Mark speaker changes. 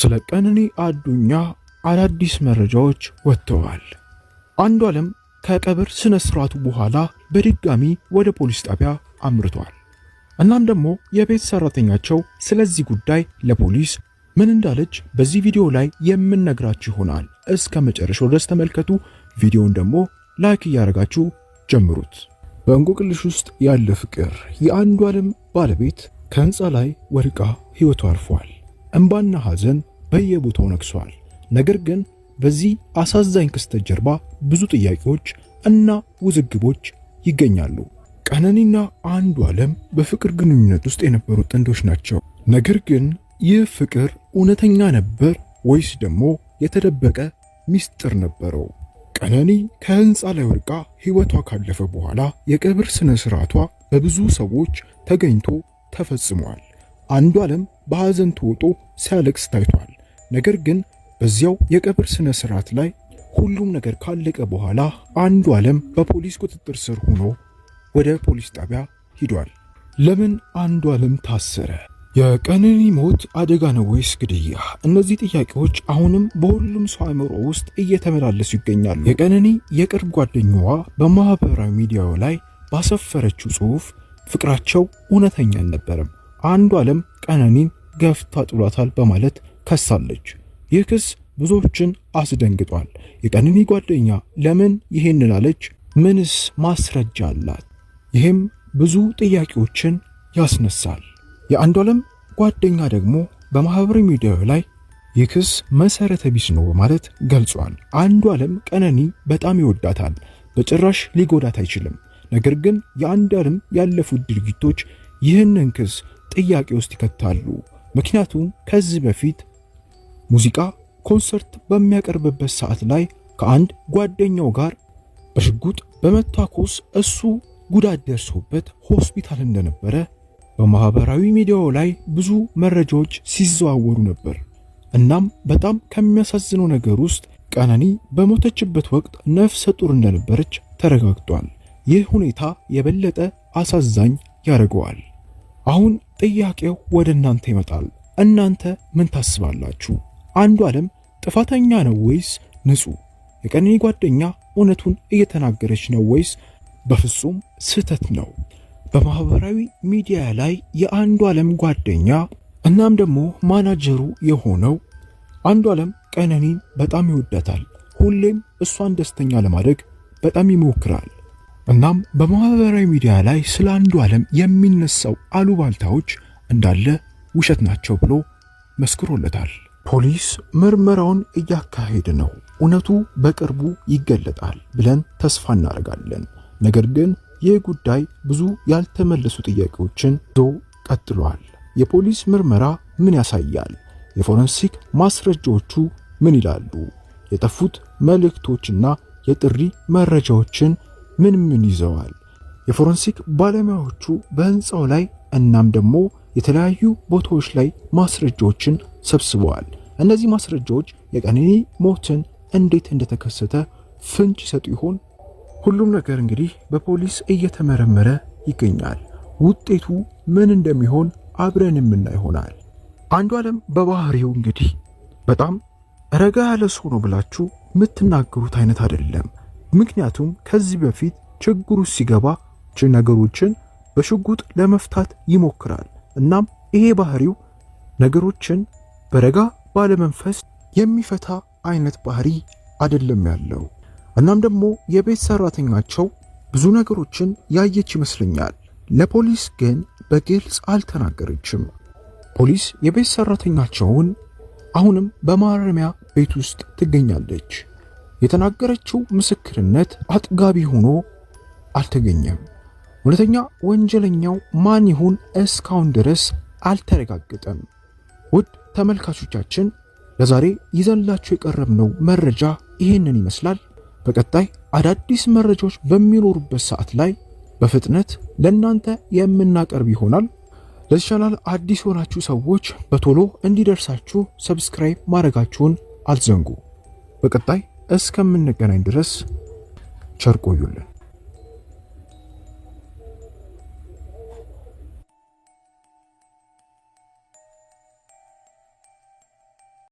Speaker 1: ስለ ቀነኒ አዱኛ አዳዲስ መረጃዎች ወጥተዋል። አንዱ ዓለም ከቀብር ስነ ስርዓቱ በኋላ በድጋሚ ወደ ፖሊስ ጣቢያ አምርቷል። እናም ደግሞ የቤት ሰራተኛቸው ስለዚህ ጉዳይ ለፖሊስ ምን እንዳለች በዚህ ቪዲዮ ላይ የምነግራችሁ ይሆናል። እስከ መጨረሻው ድረስ ተመልከቱ። ቪዲዮውን ደግሞ ላይክ እያደረጋችሁ ጀምሩት። በእንቆቅልሽ ውስጥ ያለ ፍቅር የአንዱ ዓለም ባለቤት ከህንፃ ላይ ወድቃ ህይወቱ አልፏል። እንባና ሐዘን በየቦታው ነግሷል። ነገር ግን በዚህ አሳዛኝ ክስተት ጀርባ ብዙ ጥያቄዎች እና ውዝግቦች ይገኛሉ። ቀነኒና አንዱ ዓለም በፍቅር ግንኙነት ውስጥ የነበሩ ጥንዶች ናቸው። ነገር ግን ይህ ፍቅር እውነተኛ ነበር ወይስ ደግሞ የተደበቀ ሚስጥር ነበረው? ቀነኒ ከህንፃ ላይ ወድቃ ህይወቷ ካለፈ በኋላ የቀብር ሥነ-ሥርዓቷ በብዙ ሰዎች ተገኝቶ ተፈጽሟል። አንዱ ዓለም በሐዘን ተውጦ ሲያለቅስ ታይቷል። ነገር ግን በዚያው የቀብር ስነ ስርዓት ላይ ሁሉም ነገር ካለቀ በኋላ አንዱ ዓለም በፖሊስ ቁጥጥር ስር ሆኖ ወደ ፖሊስ ጣቢያ ሂዷል። ለምን አንዱ ዓለም ታሰረ? የቀነኒ ሞት አደጋ ነው ወይስ ግድያ? እነዚህ ጥያቄዎች አሁንም በሁሉም ሰው አእምሮ ውስጥ እየተመላለሱ ይገኛሉ። የቀነኒ የቅርብ ጓደኛዋ በማህበራዊ ሚዲያው ላይ ባሰፈረችው ጽሑፍ ፍቅራቸው እውነተኛ አልነበረም፣ አንዱ ዓለም ቀነኒን ገፍታ ጥሏታል በማለት ከሳለች። ይህ ክስ ብዙዎችን አስደንግጧል። የቀነኒ ጓደኛ ለምን ይሄንን አለች? ምንስ ማስረጃ አላት? ይህም ብዙ ጥያቄዎችን ያስነሳል። የአንዱ ዓለም ጓደኛ ደግሞ በማህበራዊ ሚዲያ ላይ ይህ ክስ መሰረተ ቢስ ነው በማለት ገልጿል። አንዱ ዓለም ቀነኒ በጣም ይወዳታል፣ በጭራሽ ሊጎዳት አይችልም። ነገር ግን የአንዱ ዓለም ያለፉት ድርጊቶች ይህንን ክስ ጥያቄ ውስጥ ይከታሉ። ምክንያቱም ከዚህ በፊት ሙዚቃ ኮንሰርት በሚያቀርብበት ሰዓት ላይ ከአንድ ጓደኛው ጋር በሽጉጥ በመታኮስ እሱ ጉዳት ደርሶበት ሆስፒታል እንደነበረ በማህበራዊ ሚዲያው ላይ ብዙ መረጃዎች ሲዘዋወሩ ነበር። እናም በጣም ከሚያሳዝነው ነገር ውስጥ ቀነኒ በሞተችበት ወቅት ነፍሰ ጡር እንደነበረች ተረጋግጧል። ይህ ሁኔታ የበለጠ አሳዛኝ ያደርገዋል። አሁን ጥያቄው ወደ እናንተ ይመጣል። እናንተ ምን ታስባላችሁ? አንዱ ዓለም ጥፋተኛ ነው ወይስ ንጹህ? የቀነኒ ጓደኛ እውነቱን እየተናገረች ነው ወይስ በፍጹም ስህተት ነው? በማህበራዊ ሚዲያ ላይ የአንዱ ዓለም ጓደኛ እናም ደግሞ ማናጀሩ የሆነው አንዱ ዓለም ቀነኒን በጣም ይወዳታል። ሁሌም እሷን ደስተኛ ለማድረግ በጣም ይሞክራል። እናም በማህበራዊ ሚዲያ ላይ ስለ አንዱ ዓለም የሚነሳው አሉባልታዎች እንዳለ ውሸት ናቸው ብሎ መስክሮለታል። ፖሊስ ምርመራውን እያካሄደ ነው፣ እውነቱ በቅርቡ ይገለጣል ብለን ተስፋ እናደርጋለን። ነገር ግን ይህ ጉዳይ ብዙ ያልተመለሱ ጥያቄዎችን ይዞ ቀጥሏል። የፖሊስ ምርመራ ምን ያሳያል? የፎረንሲክ ማስረጃዎቹ ምን ይላሉ? የጠፉት መልእክቶችና የጥሪ መረጃዎችን ምን ምን ይዘዋል? የፎረንሲክ ባለሙያዎቹ በህንፃው ላይ እናም ደግሞ የተለያዩ ቦታዎች ላይ ማስረጃዎችን ሰብስበዋል። እነዚህ ማስረጃዎች የቀነኒ ሞትን እንዴት እንደተከሰተ ፍንጭ ይሰጡ ይሆን? ሁሉም ነገር እንግዲህ በፖሊስ እየተመረመረ ይገኛል። ውጤቱ ምን እንደሚሆን አብረን የምና ይሆናል። አንዱ ዓለም በባህሪው እንግዲህ በጣም ረጋ ያለ ሰው ነው ብላችሁ የምትናገሩት አይነት አይደለም። ምክንያቱም ከዚህ በፊት ችግሩ ሲገባ ነገሮችን በሽጉጥ ለመፍታት ይሞክራል። እናም ይሄ ባህሪው ነገሮችን በረጋ ባለመንፈስ የሚፈታ አይነት ባህሪ አይደለም ያለው። እናም ደግሞ የቤት ሰራተኛቸው ብዙ ነገሮችን ያየች ይመስለኛል። ለፖሊስ ግን በግልጽ አልተናገረችም። ፖሊስ የቤት ሰራተኛቸውን አሁንም በማረሚያ ቤት ውስጥ ትገኛለች። የተናገረችው ምስክርነት አጥጋቢ ሆኖ አልተገኘም። እውነተኛ ወንጀለኛው ማን ይሁን እስካሁን ድረስ አልተረጋገጠም። ውድ ተመልካቾቻችን ለዛሬ ይዘንላችሁ የቀረብነው መረጃ ይህንን ይመስላል። በቀጣይ አዳዲስ መረጃዎች በሚኖሩበት ሰዓት ላይ በፍጥነት ለእናንተ የምናቀርብ ይሆናል። ለዚህ ቻናል አዲስ የሆናችሁ ሰዎች በቶሎ እንዲደርሳችሁ ሰብስክራይብ ማድረጋችሁን አልዘንጉ? በቀጣይ እስከምንገናኝ ድረስ ቸር ቆዩልን።